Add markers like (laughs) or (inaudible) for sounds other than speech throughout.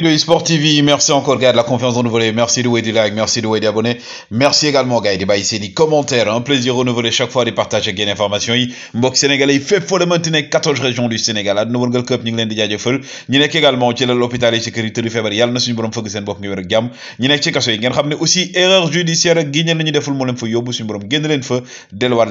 Le eSport TV, merci encore, gars, de la confiance renouvelée. nous Merci de des likes, merci de vous aider, abonné. Merci également, gars, de baisser les commentaires. Un plaisir au nouveau chaque fois de partager des informations. Mbok Sénégalais, fait folle maintenir 14 régions du Sénégal. À nouveau le Cup, nous l'avons déjà fait. Nous sommes également à l'hôpital et sécurité de février. Nous sommes en train de faire des gam. Nous sommes en train de faire des aussi erreur judiciaire. Nous sommes en train de faire des choses. Nous sommes en train de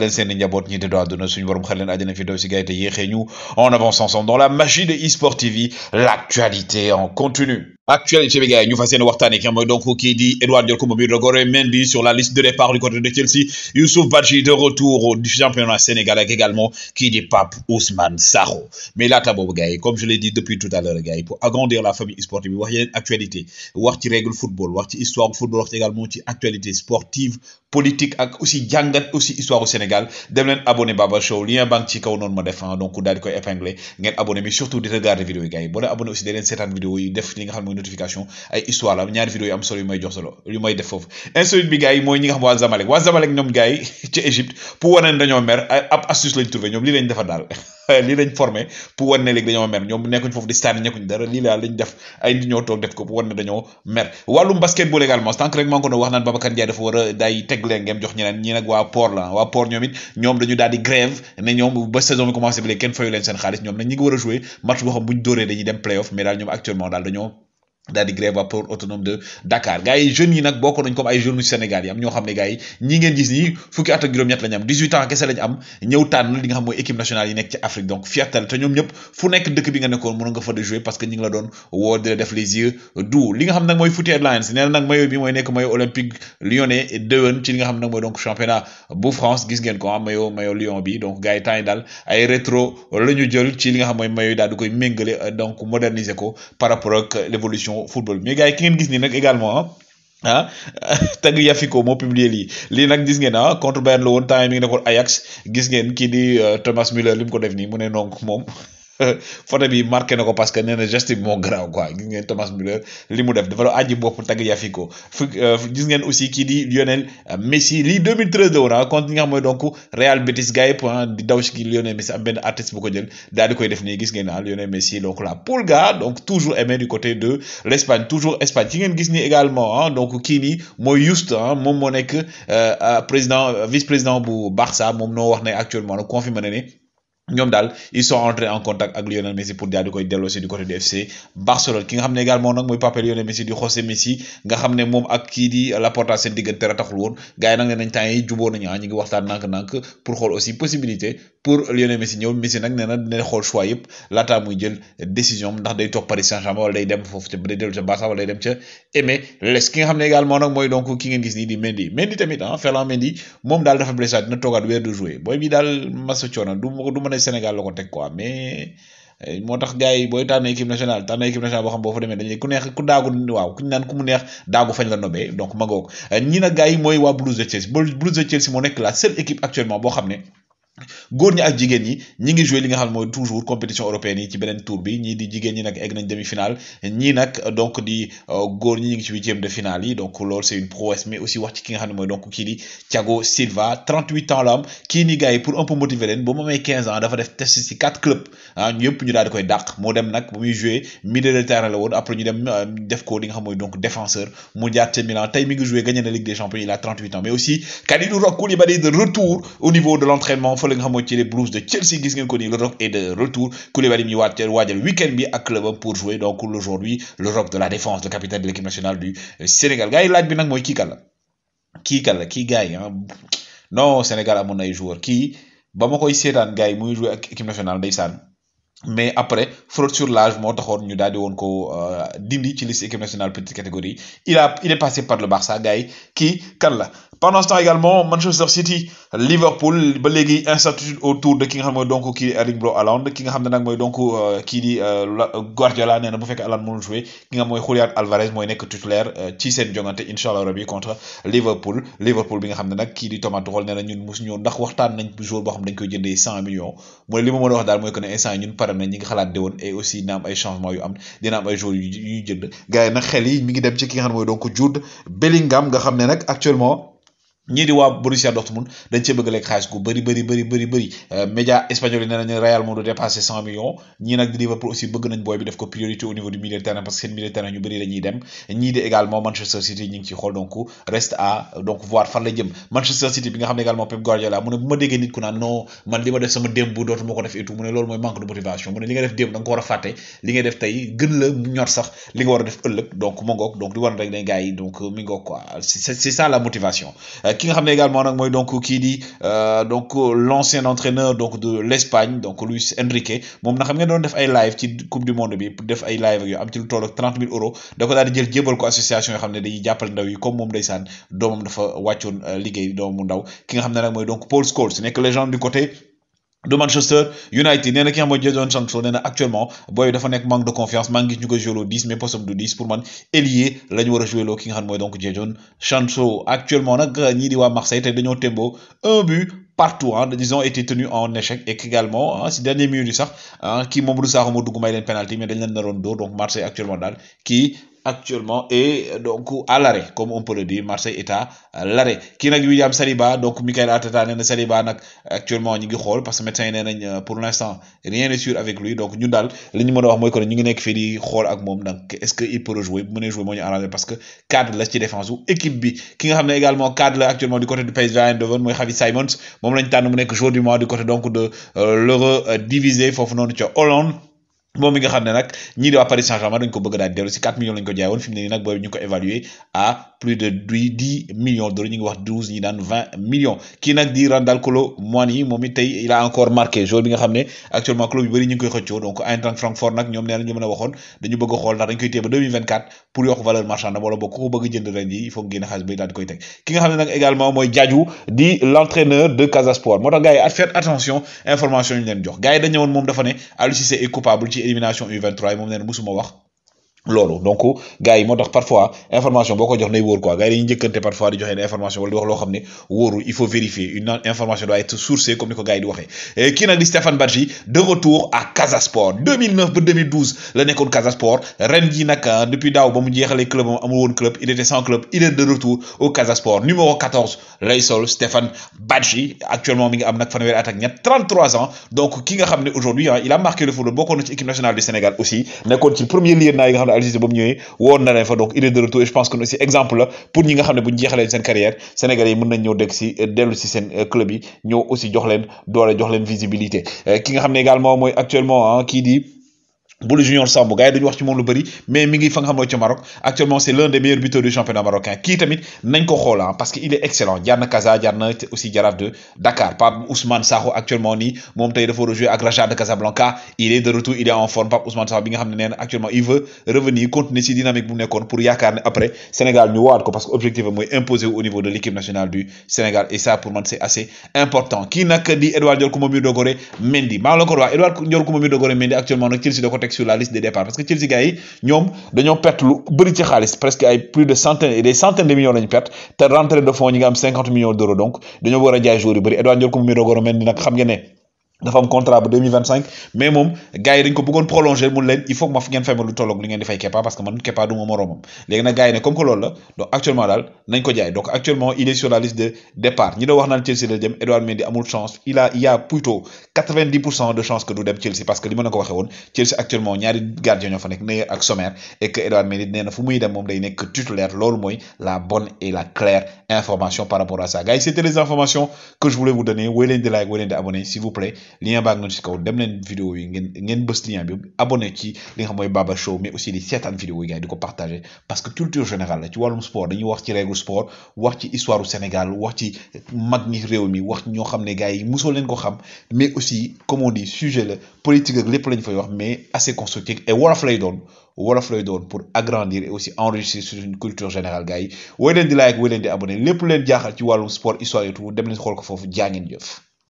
faire des choses. Nous sommes en train de faire des choses. Nous sommes en train gars, faire des choses. On avance ensemble dans la magie de eSport TV. L'actualité en continu actualité les gars nous e, faisons une yéene qui donc qui dit Edouard Diolko moom Mendy sur la liste de départ du côté de Chelsea Youssouf Badji de retour au championnat sénégalais également qui dit Pape Ousmane Sarro. mais là, tabou gars e, comme je l'ai dit depuis tout à l'heure gars e, pour agrandir la famille sportive y a une actualité wax ci règle football wax ci histoire football wax également actualité sportive politique ak aussi jangat aussi histoire au Sénégal dem len abonné Baba Show lien bank ci kaw non ma def ah, donc dal di koy épingler ngeen abonné mais surtout di regarder vidéo yi gars yi boo abonné aussi da leen seetaan vidéo yi def li nga xam notification ay histoire la ñaari vidéo yi am solo yu may jox solo yu may def fofu insolite bi gars moy ñi nga xam wa Zamalek wa Zamalek ñom gars (laughs) ci Égypte pour wane dañu mer ab astuce lañ trouvé ñom li lañ defa dal (laughs) (laughs) lii lañ formé pour wan ne léegi dañoo mer ñoom nekkuñ foofu di sànni nekkuñ dara lii laa lañ def ay nit ñoo toog def ko pour wan dañoo mer wàllum basketball également sànq rek maa ngi wax naan Babacar Ndiaye dafa war a day teg leengeem jox ñeneen ñi nag waa port la waa port ñoom it ñoom dañu daal di ne ñoom ba saison bi commencé ba léegi kenn fayu leen seen xaalis ñoom nag ñi ngi war a jouer match boo xam bu ñu dóoree dem play off daal di grève à autonome de Dakar gars yi jeunes yi nag bokk nañ comme ay jeunes Sénégal yi am ñoo xam ne gars yi ñi ngeen gis ni fukki at ak juróom-ñett la am 18 ans kese lañ am ñëw tànn li nga xam mooy équipe nationale yi nekk ci Afrique donc fierté te ñoom ñëpp fu nekk dëkk bi nga nekkoon mënoon nga fa de jouer parce que ñi nga la doon woo di la def les yeux doux li nga xam nag mooy Footy Headlines nee na nag mayo bi mooy nekk maillot olympique lyonnais déwén ci li nga xam nag mooy donc championnat bu France gis ngeen ko ah mayo maillot Lyon bi donc gars yi temps yi daal ay rétro la ñu jël ci li nga xam mooy mayo yi daal di koy méngale euh, donc moderniser ko par rapport ak l'évolution vision football mais gars yi ki ngeen gis nii nag également ah (laughs) tagg Yafiko moo publier lii lii nag gis ngeen ah contre Bayern la woon temps mi ngi nekkoon Ajax gis ngeen kii di euh, Thomas Müller li mu ko def nii mu ne donc moom. (laughs) (laughs) photo bi marqué na ko parce que nee na geste bi moo garaaw quoi gis ngeen Thomas Müller li mu def dafa la aji bopp Tagliafico fu euh, gis ngeen aussi kii di Lionel Messi lii 2013 la woon ah contre nga xam mooy donc Real Betis gars yëpp ah, di daw si kii Lionel Messi am benn artiste bu ko jël daal di koy def nii gis ngeen ah Lionel Messi donc la Pulga donc toujours aimé du côté de l' Espagne toujours Espagne ki ngeen gis également ah donc kii nii mooy Just ah moom moo nekk euh, euh, président vice président bu Barça moom noo wax ne actuellement On confirmé na ne ñoom daal ils sont entrés en contact ak Lionel Messi pour daal di koy delloosi du côté du FC Barcelone ki nga xam ne également nag mooy papa Lionel Messi di José Messi nga xam ne moom ak kii di Laporta seen diggante dara taxul woon gars yi nag nee nañ temps yi juboo nañu ah ñu ngi waxtaan nànk-nànk pour xool aussi possibilité pour Lionel Messi ñëw Messi nag nee na dina xool choix yëpp laataa muy jël décision ndax day toog Paris Saint-Germain wala day dem foofu ca day dellu ca Barça wala day dem ca les ki nga xam ne également nag mooy donc ki ngeen gis nii di Mendy Mendy tamit ah Ferland mendi moom daal dafa blessé dina toogaat weer de jouer booy bi daal masa coona du du mën a Sénégal la ko teg quoi mais eh, moo tax gars yi booy tànn équipe nationale tànn équipe nationale boo xam boo fa demee dañuy ku neex ku daagu waaw ku ñu naan ku mu neex daagu fañ la nobee donc ma eh, ñi nag gars yi mooy waa Blues de Chelsea Blues de Chelsea moo nekk la seule équipe actuellement boo xam ne. góor ñi ak jigéen ñi ñi ngi joué li nga xam mooy toujours compétition européenne yi ci beneen tour bi ñii di jigéen ñi nag egg nañ demi finale ñii nag donc di euh, góor ñi ñi ngi ci huitième de finale yi donc loolu c'est une prouesse mais aussi wax ci ki nga xam ne mooy donc kii di Thiago Silva 38 ans la am kii nii gars yi pour un peu motiver leen ba mu amee 15 ans dafa def test ci quatre clubs ah ñëpp ñu daal di koy dàq moo dem nag bu muy joué milieu de terrain la woon après ñu dem euh, def ko li nga xam mooy donc défenseur mu jaar ca Milan tey mi ngi joué gagné na Ligue des Champions il a 38 ans mais aussi Kalidou Koulibaly de retour au niveau de l'entraînement fa la nga xamoo ci les Blues de Chelsea gis ngeen ko ni l'Europe est de retour Koulibaly mi waajal waajal week-end bi ak club pour jouer donc aujourd'hui l'Europe de la défense le capitaine de l'équipe nationale du euh, Sénégal gars yi laaj bi nag mooy kii kan la kii la kii gars yi hein? non Sénégal amoon na ay joueurs kii ba ma koy seetaan gars yi muy jouer ak équipe nationale ndeysaan mais après fraude sur l'âge moo taxoon ñu daal di woon ko euh, dindi ci liste équipe nationale petite catégorie il a il est passé par le Barça gars yi kii kan la pendant ce temps également Manchester City Liverpool ba légui incertitude autour de ki nga xam moy donc kii di Erling Braut Haaland ki nga xam nak moy donc euh, kii di euh, euh, Guardiola nee bu fekk Haaland mënul jouer ki nga moy Julián Alvarez moy nek titulaire ci sen jongante inshallah allah rabi contre Liverpool Liverpool bi nga xam nak nag di Thomas Tuchel nee ñun mosu ñu ndax waxtaan nañ bu jour bo xam dañ koy jëndé 100 millions mooy li mo wax dal moy que né instant ñun pare nañ ñi nga xalaat de won et aussi dina am ay changement yu am dina am ay joueurs yu ñuy jënd gars yi nag xel yi mi ngi dem ci ki nga xam moy donc Jude Bellingham nga xam ne nag actuellement ñii di waa Borussia Dortmund dañ cee bëgg lekk xaalis gu bëri bëri bëri bëri bëri euh, média espagnol yi nee Real moo du dépassé cent millions ñii nag di Liverpool aussi bëgg nañ booy bi def ko priorité au niveau du milieu de terrain parce que seen milieu terrain ñu bëri dañuy dem ñii di également Manchester City ñu ngi ci xool donc reste à donc voir fan la jëm Manchester City bi nga xam ne également Pep Guardiola mu ne bu ma déggee nit ku naan non man li ma def sama démb dootuma ko def et tout mu ne loolu mooy manque de motivation mu ne li nga def démb da nga ko war a fàtte li nga def tey gën la ñor sax li nga war a def ëllëg donc mu ngoog donc di war rek ne gars yi donc mi ngoog quoi c'est ça la motivation euh, ki nga xamné également nak moy donc ki di euh, donc l'ancien entraîneur donc de l'Espagne donc Luis Enrique mom na xam nga doon def ay live ci coupe du monde bi def ay live ak yu am ci lu tolok 30000 euros da ko daal di jël jébal ko association yoo xamné dañuy jappal ndaw yi comme moom ndeysaan doomam dafa wàccoon euh, liggéey doomu ndaw ki nga xamné nak moy donc Paul Scholes les légende du côté de Manchester United nee na ki nga xam mooy Jadon Sancho nee na actuellement booy dafa nekk manque de confiance maa ngi gis ñu ko jouer 10 mais poste du 10 pour man ailier la ñu war a joué loo ki nga xam mooy donc Jadon Sancho actuellement nag euh, ñii di waa Marseille te dañoo témboo un but partout hein, ils été tenu en échec et également hein, si dernier minute yi sax ah kii moom du saaxu moo dugg may leen penalty mais dañ leen naroon dóor donc Marseille actuellement daal kii actuellement et donc à l'arrêt comme on peut le dire Marseille est à l'arrêt Qui est William Saliba donc Michael Arteta nee Saliba actuellement en ngi parce que maintenant euh, pour l'instant rien n'est sûr avec lui donc nous les li ñu wax que nous donc est-ce qu'il il peut jouer, jouer ñu parce que cadre la défense ou équipe B, qui nga également cadre actuellement du côté du PSG, de moi Xavi Simons moi je tànn mu joueur du mois du côté donc de euh, l'Eurodivisie foofu noonu ca Hollande moom mi nga xam ne nag ñii di wa Paris Saint-Germain dañ ko bëgg daal dellu si 4 millions lañ ko jaay woon fi mu ne nii nag booy ñu ko évaluer à plus de dix millions d'euros ñu ngi wax 12 ñi daan 20 millions kii nag di Randal Kolo Muani moom it tey il a encore marqué joueur bi nga xam ne actuellement club yu bëri ñu ngi koy xëccoo donc Eintracht Francfort nag ñoom nee na ñu mën a waxoon dañu bëgg a xool ndax dañ koy téye ba 2024 pour yokk valeur marchande wala boog ku ko bëgg jënd ren yi il faut nga génn xaalis bay daal di koy teg ki nga xam ne nag également mooy Diadio di l'entraîneur de Casa Sport moo tax gars yi faites attention information ñu leen jox gars yi dañ ne woon moom dafa ne Aliou Cissé est coupable ci élimination U23 yi moom nee na musuma wax loolu donc gars yi moo tax parfois information boo ko jox nay wóor quoi gars yi dañuy njëkkante parfois di joxe une information wala di wax loo xam ne il faut vérifier une information doit être sourcée comme ni ko gars yi di waxee kii nag di Stéphane Badji de retour à Casa Sport 2009 ba 2012 la nekkoon Casa Sport ren jii nag euh, depuis daaw ba mu jeexalee club amul woon club il était sans club il est de retour au Casa Sport numéro 14 lay sol Stéphane Badji actuellement mi ngi am nag fanweeri at ak ñett 33 ans donc ki nga xam ne aujourd'hui hein, il a marqué le football bokkoon na ci équipe nationale du Sénégal aussi nekkoon ci premier lien naa yi nga xam ne Aliou Cissé ba mu woon na leen fa donc il est de retour et je pense que aussi exemple pour ñi nga xamné bu ñu jeexalee seen carrière Sénégalais mëna ñëw dëkk ci euh, dellu ci sen euh, club yi ñëw aussi jox leen doole jox leen visibilité euh, ki nga xamné ne également mooy actuellement hein qui dit Boulou Junior Sambou gars yi dañu wax ci moom lu mais mi ngi fa nga ci Maroc actuellement c'est l'un des meilleurs buteurs du championnat marocain kii tamit nañ ko xoola ah, parce que il est excellent jaar na Casa aussi Yaraf de Dakar Pape Ousmane Sakho actuellement ni moom tey dafa rejouer ak Raja de Casablanca il est de retour il est en forme Pape Ousmane Sakho bi nga actuellement il veut revenir continuer ci dynamique bu mu pour yaakaar après Sénégal ñu waat ko parce que objectif am imposer au niveau de l'équipe nationale du Sénégal et ça pour man c'est assez important n'a que di Edouard Ndiol Koumoumi Dogore Mendy maa la ko wax Edouard Ndiol Koumoumi Dogore Mendy actuellement nag Chelsea sur la liste des départs parce que Chelsea gars yi ñom dañoo perte lu bëri ci xaliss presque ay plus de centaines et des centaines de millions lañu perte te rentrée de fonds ñi nga am 50 millions d'euros donc dañoo wara jaay joueurs yu bëri Edouard Ndiol ko mi doogoro mel nak xam nga né dafa am contrat bu 2025 mais moom gars yi dañ ko bëggoon prolonger mun leen il faut que ma ngeen fay ma lu tolloog li ngeen di fay Kepa parce que man Kepa duma moromam moroomam léegi nag gars yi ne comme que loolu la donc actuellement daal nañ ko jaay donc actuellement il est sur la liste de départ ñi da wax naan Chelsea la jëm Edouard Mendy amul chance il a il y a plutôt 90 de chance que du dem Chelsea parce que li ma la ko waxee woon Chelsea actuellement ñaari gardien ñoo fa nekk Neuer ak Sommer et que Edouard Mendy nee na fu muy dem moom day nekk titulaire loolu mooy la bonne et la claire information par rapport à ça gars yi c'était les informations que je voulais vous donner wooy leen di like wooy leen di abonné s'il vous plaît lien baa nga ci kaw dem leen vidéo yi ngén ngeen bës lien bi abonné ci li nga xam Baba Show mais aussi di certaines vidéo yi gars yi di parce que culture générale la ci walum sport dañuy wax ci règle sport wax ci histoire du Sénégal wax ci mag ñi réew mi wax ñoo xam gars yi musso len ko xam mais aussi comme on dit sujet la politique ak lépp lañ fay wax mais assez constructif et wolof lay doon wolof lay doon pour agrandir et aussi enrichir sur une culture générale gars yi woy leen di like woy leen di abonné lépp len jaxal ci walum sport histoire et tout dem len xol ko fofu jaa jeuf